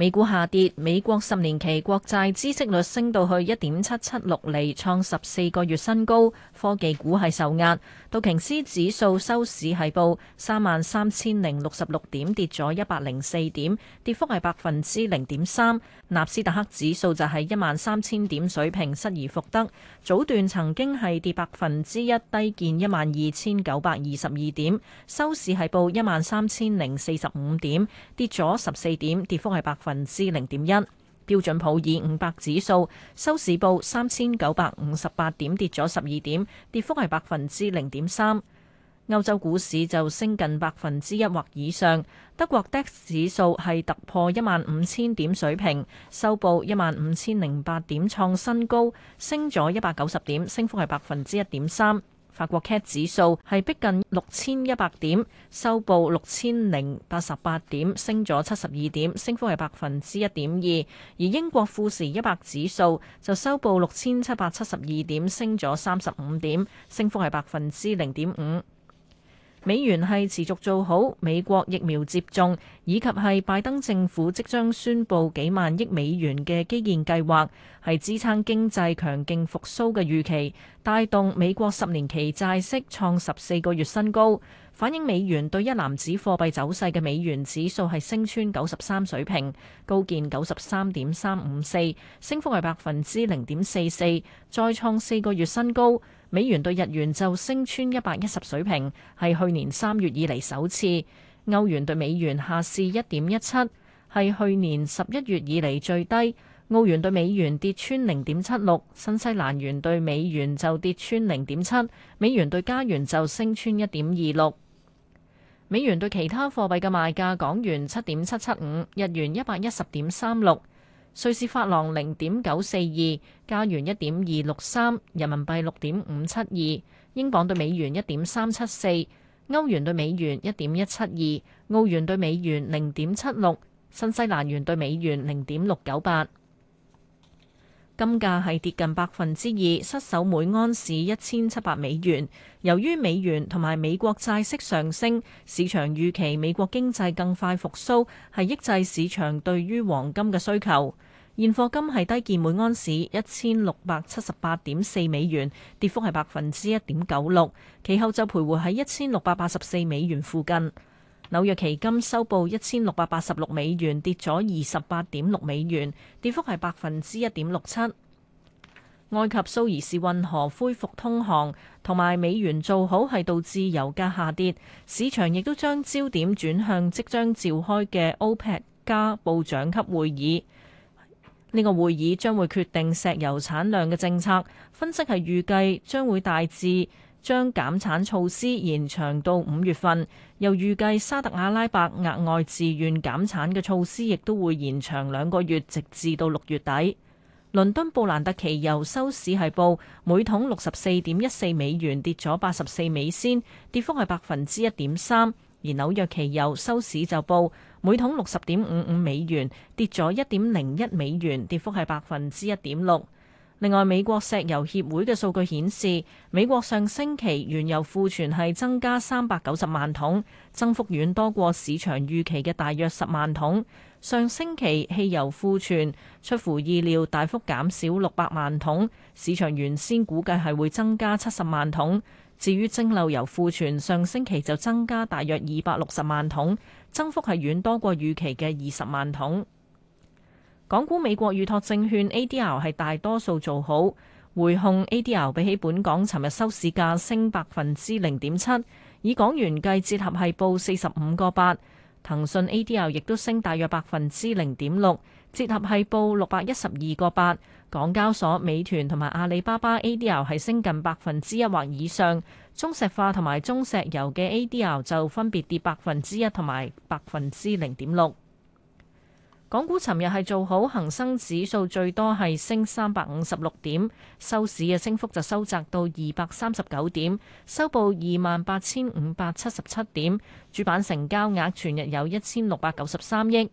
美股下跌，美國十年期國債孳息率升到去一點七七六厘，創十四個月新高。科技股係受壓，道瓊斯指數收市係報三萬三千零六十六點，跌咗一百零四點，跌幅係百分之零點三。納斯達克指數就係一萬三千點水平失而復得，早段曾經係跌百分之一，低見一萬二千九百二十二點，收市係報一萬三千零四十五點，跌咗十四點，跌幅係百分。百分之零點一，標準普爾五百指數收市報三千九百五十八點，跌咗十二點，跌幅係百分之零點三。歐洲股市就升近百分之一或以上，德國 DAX 指數係突破一萬五千點水平，收報一萬五千零八點，創新高，升咗一百九十點，升幅係百分之一點三。法國 CAC 指數係逼近六千一百點，收報六千零八十八點，升咗七十二點，升幅係百分之一點二。而英國富時一百指數就收報六千七百七十二點，升咗三十五點，升幅係百分之零點五。美元係持續做好美國疫苗接種以及係拜登政府即將宣布幾萬億美元嘅基建計劃，係支撐經濟強勁復蘇嘅預期，帶動美國十年期債息創十四個月新高。反映美元對一籃子貨幣走勢嘅美元指數係升穿九十三水平，高見九十三點三五四，升幅係百分之零點四四，再創四個月新高。美元對日元就升穿一百一十水平，係去年三月以嚟首次。歐元對美元下市一點一七，係去年十一月以嚟最低。澳元對美元跌穿零點七六，新西蘭元對美元就跌穿零點七，美元對加元就升穿一點二六。美元對其他貨幣嘅賣價：港元七點七七五，日元一百一十點三六，瑞士法郎零點九四二，加元一點二六三，人民幣六點五七二，英鎊對美元一點三七四，歐元對美元一點一七二，澳元對美元零點七六，新西蘭元對美元零點六九八。金價係跌近百分之二，失守每安士一千七百美元。由於美元同埋美國債息上升，市場預期美國經濟更快復甦，係抑制市場對於黃金嘅需求。現貨金係低見每安士一千六百七十八點四美元，跌幅係百分之一點九六，其後就徘徊喺一千六百八十四美元附近。紐約期金收報一千六百八十六美元，跌咗二十八點六美元，跌幅係百分之一點六七。埃及蘇伊士運河恢復通航，同埋美元做好係導致油價下跌。市場亦都將焦點轉向即將召開嘅 OPEC 加部長級會議。呢、這個會議將會決定石油產量嘅政策。分析係預計將會大致。將減產措施延長到五月份，又預計沙特阿拉伯額外自願減產嘅措施亦都會延長兩個月，直至到六月底。倫敦布蘭特期油收市係報每桶六十四點一四美元，跌咗八十四美仙，跌幅係百分之一點三。而紐約期油收市就報每桶六十點五五美元，跌咗一點零一美元，跌幅係百分之一點六。另外，美國石油協會嘅數據顯示，美國上星期原油庫存係增加三百九十萬桶，增幅遠多過市場預期嘅大約十萬桶。上星期汽油庫存出乎意料大幅減少六百萬桶，市場原先估計係會增加七十萬桶。至於蒸餾油庫存，上星期就增加大約二百六十萬桶，增幅係遠多過預期嘅二十萬桶。港股美國預托證券 ADR 係大多數做好，匯控 ADR 比起本港尋日收市價升百分之零點七，以港元計折合係報四十五個八。騰訊 ADR 亦都升大約百分之零點六，折合係報六百一十二個八。港交所美團同埋阿里巴巴 ADR 係升近百分之一或以上，中石化同埋中石油嘅 ADR 就分別跌百分之一同埋百分之零點六。港股尋日係做好，恒生指數最多係升三百五十六點，收市嘅升幅就收窄到二百三十九點，收報二萬八千五百七十七點。主板成交額全日有一千六百九十三億。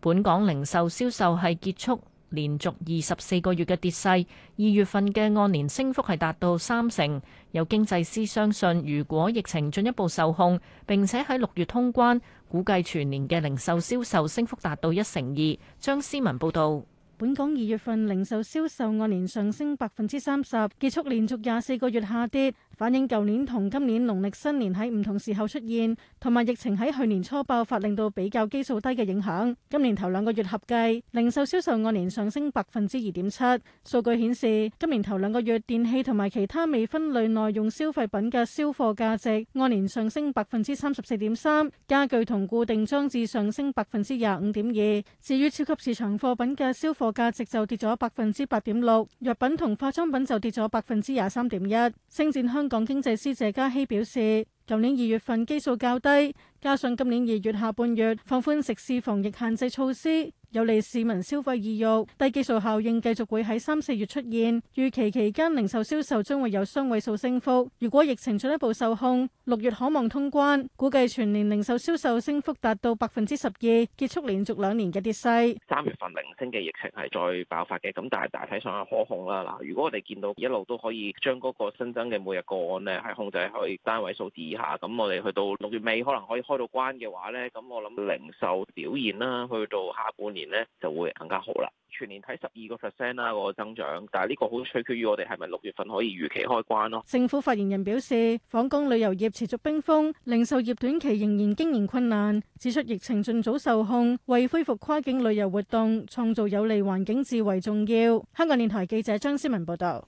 本港零售銷售係結束連續二十四個月嘅跌勢，二月份嘅按年升幅係達到三成。有經濟師相信，如果疫情進一步受控，並且喺六月通關，估計全年嘅零售銷售升幅達到一成二。張思文報導，本港二月份零售銷售按年上升百分之三十，結束連續廿四個月下跌。反映舊年同今年農曆新年喺唔同時候出現，同埋疫情喺去年初爆發，令到比較基數低嘅影響。今年頭兩個月合計，零售銷售按年上升百分之二點七。數據顯示，今年頭兩個月電器同埋其他未分類耐用消費品嘅銷貨價值按年上升百分之三十四點三，家具同固定裝置上升百分之廿五點二。至於超級市場貨品嘅銷貨價值就跌咗百分之八點六，藥品同化妝品就跌咗百分之廿三點一。星展香港。港經濟師謝家熙表示，舊年二月份基數較低，加上今年二月下半月放寬食肆防疫限制措施。有利市民消費意欲，低基數效應繼續會喺三四月出現。預期期間零售銷售,銷售將會有雙位數升幅。如果疫情進一步受控，六月可望通關，估計全年零售銷售,銷售,銷售升幅達到百分之十二，結束連續兩年嘅跌勢。三月份零星嘅疫情係再爆發嘅，咁但係大體上係可控啦。嗱，如果我哋見到一路都可以將嗰個新增嘅每日個案呢係控制喺單位數字以下，咁我哋去到六月尾可能可以開到關嘅話呢，咁我諗零售表現啦，去到下半年。咧就會更加好啦。全年睇十二個 percent 啦，個增長，但係呢個好取決於我哋係咪六月份可以預期開關咯。政府發言人表示，訪港旅遊業持續冰封，零售業短期仍然經營困難。指出疫情盡早受控，為恢復跨境旅遊活動創造有利環境至為重要。香港電台記者張思文報道。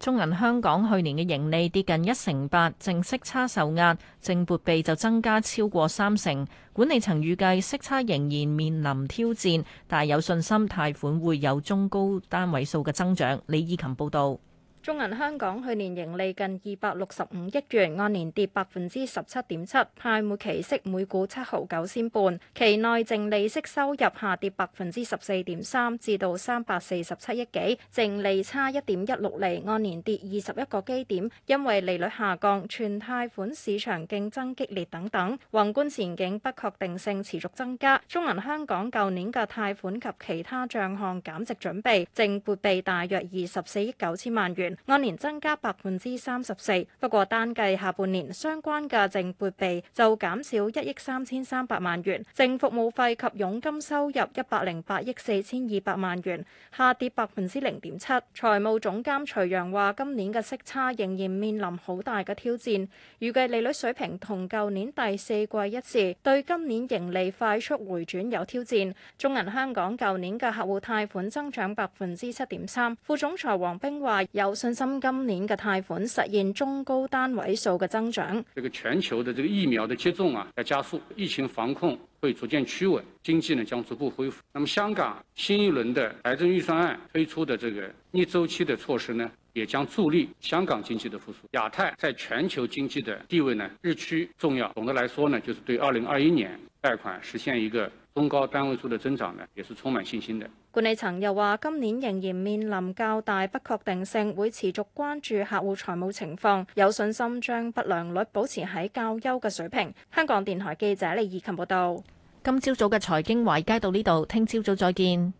中銀香港去年嘅盈利跌近一成八，淨息差受壓，淨撥備就增加超過三成。管理層預計息差仍然面臨挑戰，但有信心貸款會有中高單位數嘅增長。李以琴報導。中銀香港去年盈利近二百六十五億元，按年跌百分之十七點七，派末期息每股七毫九仙半，期內淨利息收入下跌百分之十四點三，至到三百四十七億幾，淨利差一點一六厘，按年跌二十一個基點，因為利率下降、存貸款市場競爭激烈等等，宏觀前景不確定性持續增加。中銀香港舊年嘅貸款及其他帳項減值準備淨撥備大約二十四億九千萬元。按年增加百分之三十四，不過單計下半年相關嘅淨撥備就減少一億三千三百萬元，淨服務費及佣金收入一百零八億四千二百萬元，下跌百分之零點七。財務總監徐陽話：今年嘅息差仍然面臨好大嘅挑戰，預計利率水平同舊年第四季一致，對今年盈利快速回轉有挑戰。中銀香港舊年嘅客戶貸款增長百分之七點三，副總裁黃冰話有。信心今年嘅貸款實現中高單位數嘅增長。這個全球的這個疫苗的接種啊，要加速疫情防控。會逐漸趨穩，經濟呢將逐步恢復。那麼香港新一輪的財政預算案推出的這個逆周期的措施呢，也將助力香港經濟的復蘇。亞太在全球經濟的地位呢日趨重要。總的來說呢，就是對二零二一年貸款實現一個中高單位數的增長呢，也是充滿信心的。管理層又話，今年仍然面臨較大不確定性，會持續關注客戶財務情況，有信心將不良率保持喺較優嘅水平。香港電台記者李以琴報道。今朝早嘅財經華爾街到呢度，聽朝早再見。